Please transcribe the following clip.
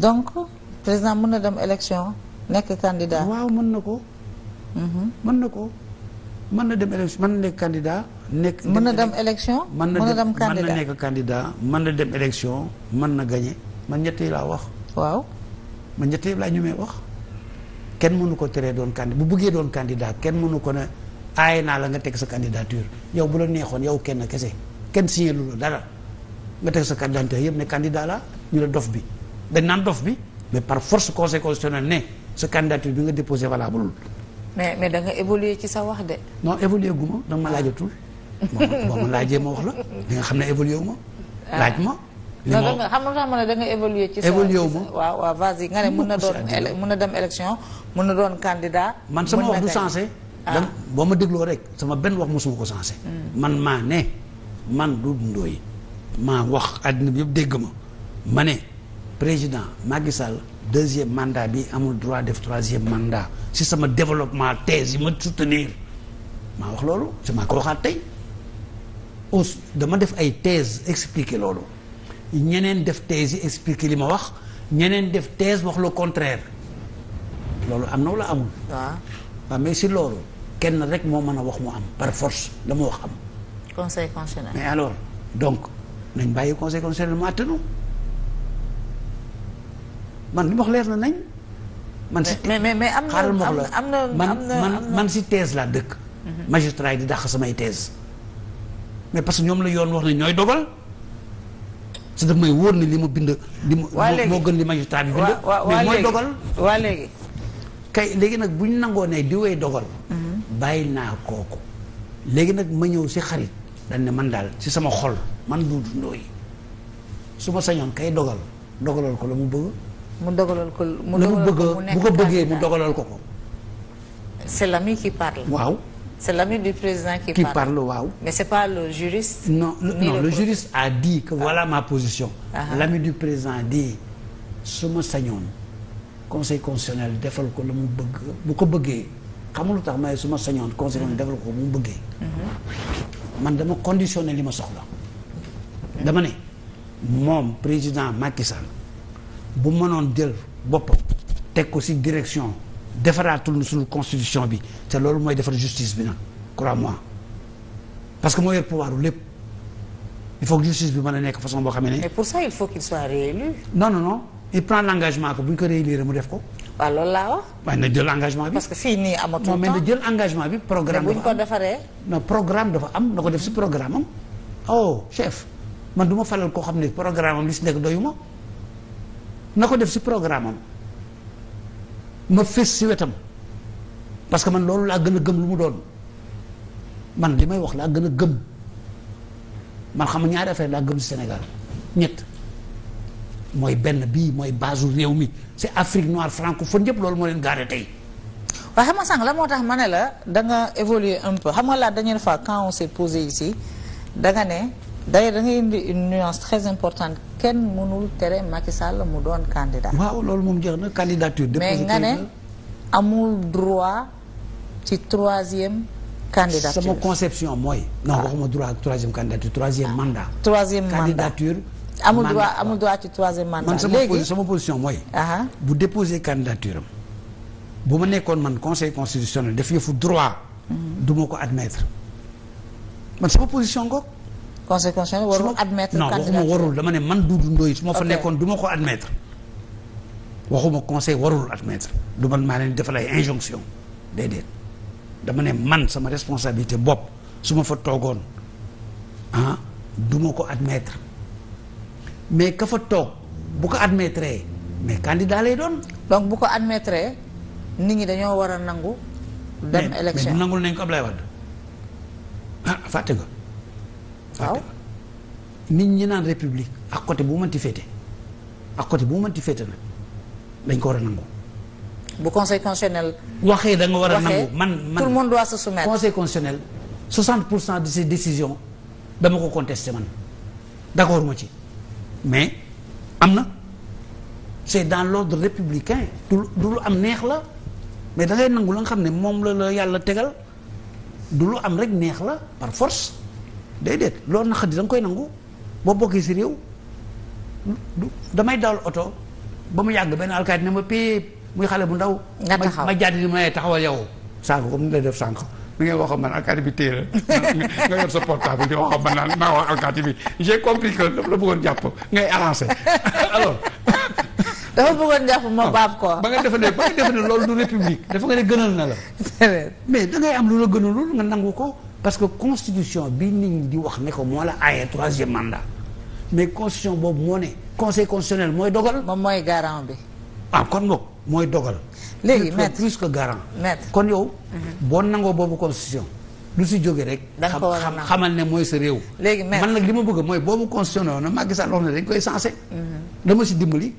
donc président mën na dem élection nekk candidat. waaw mën na ko. Mhm. mën na ko mën na dem élection mën na nekk candidat. nekk mën na dem élection mën na dem candidat mën na nekk candidat dem élection mën na gagné man ñett yi laa wax. waaw man ñett yi laa ñu may wax. kenn mënu ko teree doon candidat bu bëggee doon candidat kenn mënu ko ne aaye naa la nga teg sa candidature yow bu la neexoon yow kenn kese kenn signé lu la dara nga teg sa candidature yëpp ne kandidaa la ñu la dof bi. dañ naan dof bi mais par force conseil constitutionnel ne sa candidature bi nga déposé valable mais mais da nga évoluer ci sa wax de. non évoluer gu ma da nga ma laajatul. boo ma laajee ma wax la di nga xam ne évoluer wu ma. Ah. laaj ma. ma non xam nga ne da nga évoluer ci sa na doon mën na dem élection mën na doon candidat. man sama wax du sensé. Ah. dam boo ma dégloo rek sama benn wax mosuma ko sensé. Hmm. man maa ne man du ndóoy maa wax àddina bi yëpp dégg ma ma ne. président Macky Sall deuxième mandat bi amul droit def troisième mandat si sama développement thèse yi ma soutenir maa wax loolu si maa ko waxaat tey aus dama def ay thèse expliquer loolu ñeneen def thèse yi expliquer li ma wax ñeneen def thèse wax le contraire loolu am na wala amul waaw ah. ah, mais si loolu kenn rek moo mën a wax mu am par force la mu wax am conseil constitutionnel mais alors donc nañ bàyyi conseil constitutionnel mu àttanu man li ma wax na nañ. man si mais mais mais am na am man man si thèse laa dëkk. Mhm. magistrat yi di dàq samay thèse. mais parce que ñoom la yoon wax ne ñooy dogal. su daf may wóor ne li mu bind. li mu gën li magistrat bi bind. mais mooy dogal léegi. nag bu ñu nangoo ne di way mhm. bàyyi naa kooku. léegi nag ma ñëw si xarit. dañ man daal si sama xol man Doudou Ndoye su ma sañoon kay dogal dogalal ko la mu bëgg. mu dogalal ko mu dogalal ko mu nekk bu ko bëggee mu dogalal ko ko. c'est l'ami qui parle. waaw. c'est l'ami du président qui, qui parle. waaw. mais c'est pas le juriste. non le, non le, le a dit que voilà ah. ma position. Ah, ah. l'ami du président di su ma sañoon conseil constitutionnel defal ko la mu bëgg bu ko bëggee xamul tax may su ma sañoon conseil constitutionnel defal ko mu bëggee. Mm-hmm. man dama conditionné li ma soxla. dama ne moom président Macky bu mënoon jël boppa teg ko si direction defaraatul suñu constitution bi te loolu mooy defar justice bi nag crois-moi parce que mooy yor pouvoir lépp il faut justice bi mën a nekk façon boo xam ne. mais pour ça il faut qu'il soit réélu. non non bu ñu ko réélire mu def ko. waaw loolu laa wax. jël engagement bi. parce que fii nii amatul mais na jël engagement bi. programme dafa am bu ñu ko defaree. non programme dafa am na ko def si programme am. oh chef man du ma falal koo xam ne programme am li ci nekk doyuma. na ko def si programme am ma fés si wetam parce que man loolu laa gën a gëm lu mu doon man li may wax laa gën a gëm man xam ñaari affaire laa gëm si Sénégal ñett mooy benn bii mooy base réew mi c'est Afrique noire francophone yëpp loolu moo leen gaare tey. waaw xam nga sànq la moo tax ma ne la danga nga évoluer un peu xam nga la dernière fois quand on s'est posé ici da ne. d'ailleurs da ngay indi une nuance très importante kenn mënul tere Macky Sall mu doon candidat. waaw loolu moom jeex na candidature. mais nga ne amul droit ci troisième. candidature sama conception mooy. non ah. waxuma droit ak troisième candidature troisième ah. mandat. troisième mandat candidature. amul droit amul droit ci troisième mandat. man sama sama position mooy. bu déposer candidature am bu ma nekkoon man conseil constitutionnel def yëfu droit. Mm-hmm. du ma ko admettre man sama position ko conséquence warul admettre non waxuma warul dama ne man Doudou Ndoye su ma fa nekkoon duma ma ko admettre waxuma conseil warul admettre du man maa leen defal ay injonction déedéet dama ne man sama responsabilité bopp su ma fa toogoon ah du ma ko admettre mais ka fa toog bu ko admettre mais candidat lay doon. donc bu ko admettre nit ñi dañoo war a nangu. dem élection mais nangul nañ ko Ablaye Wade ah fàtte ko waaw nit ñi naan république ak côté bu manti féete ak côté bu mënti féete nag dañ ko war a nangu. bu conseil constitutionnel. waxee da war a nangu man man tout le monde doit se soumettre. conseil constitutionnel 60 pour cent de ses décisions dama ko contesté man d'accord ma ci mais am na c'est dans l'ordre républicain du lu am neex la mais da nangu la nga xam ne moom la la yàlla tegal du lu am rek neex la par force. déedéet loolu naq di da nga koy nangu boo bokkee si réew damay dawal oto ba mu yàgg benn alkaati ne ma péep muy xale bu ndaw nga taxaw ma jàdd di ma taxawal yow sànq comme ni lay def sànq ni ngay wax man alkaati bi téye la nga yor sa portable di wax man naan maa wax alkaati bi j'ai compris que dafa la bëggoon jàpp ngay avancé alors dafa bëggoon jàpp ma ah. baab ko ba nga defe ba nga defe loolu du république dafa nga ne gënal na la mais da am lu la gënalul nga nangu ko parce que constitution bi nit ñi di wax ne ko moo la aaye troisième mandat mais constitution boobu moo ne conseil constitutionnel mooy dogal. moom mooy garant bi. ah kon boog mooy dogal. léegi maître que garant. maître kon yow. Mhm. boo nangoo boobu constitution. lu si jóge rek. xam xamal ne mooy sa réew. léegi maître man nag li ma bëgg mooy boobu constitution na Macky Sall wax ne dañ koy sensé. Mhm. dama si dimbali.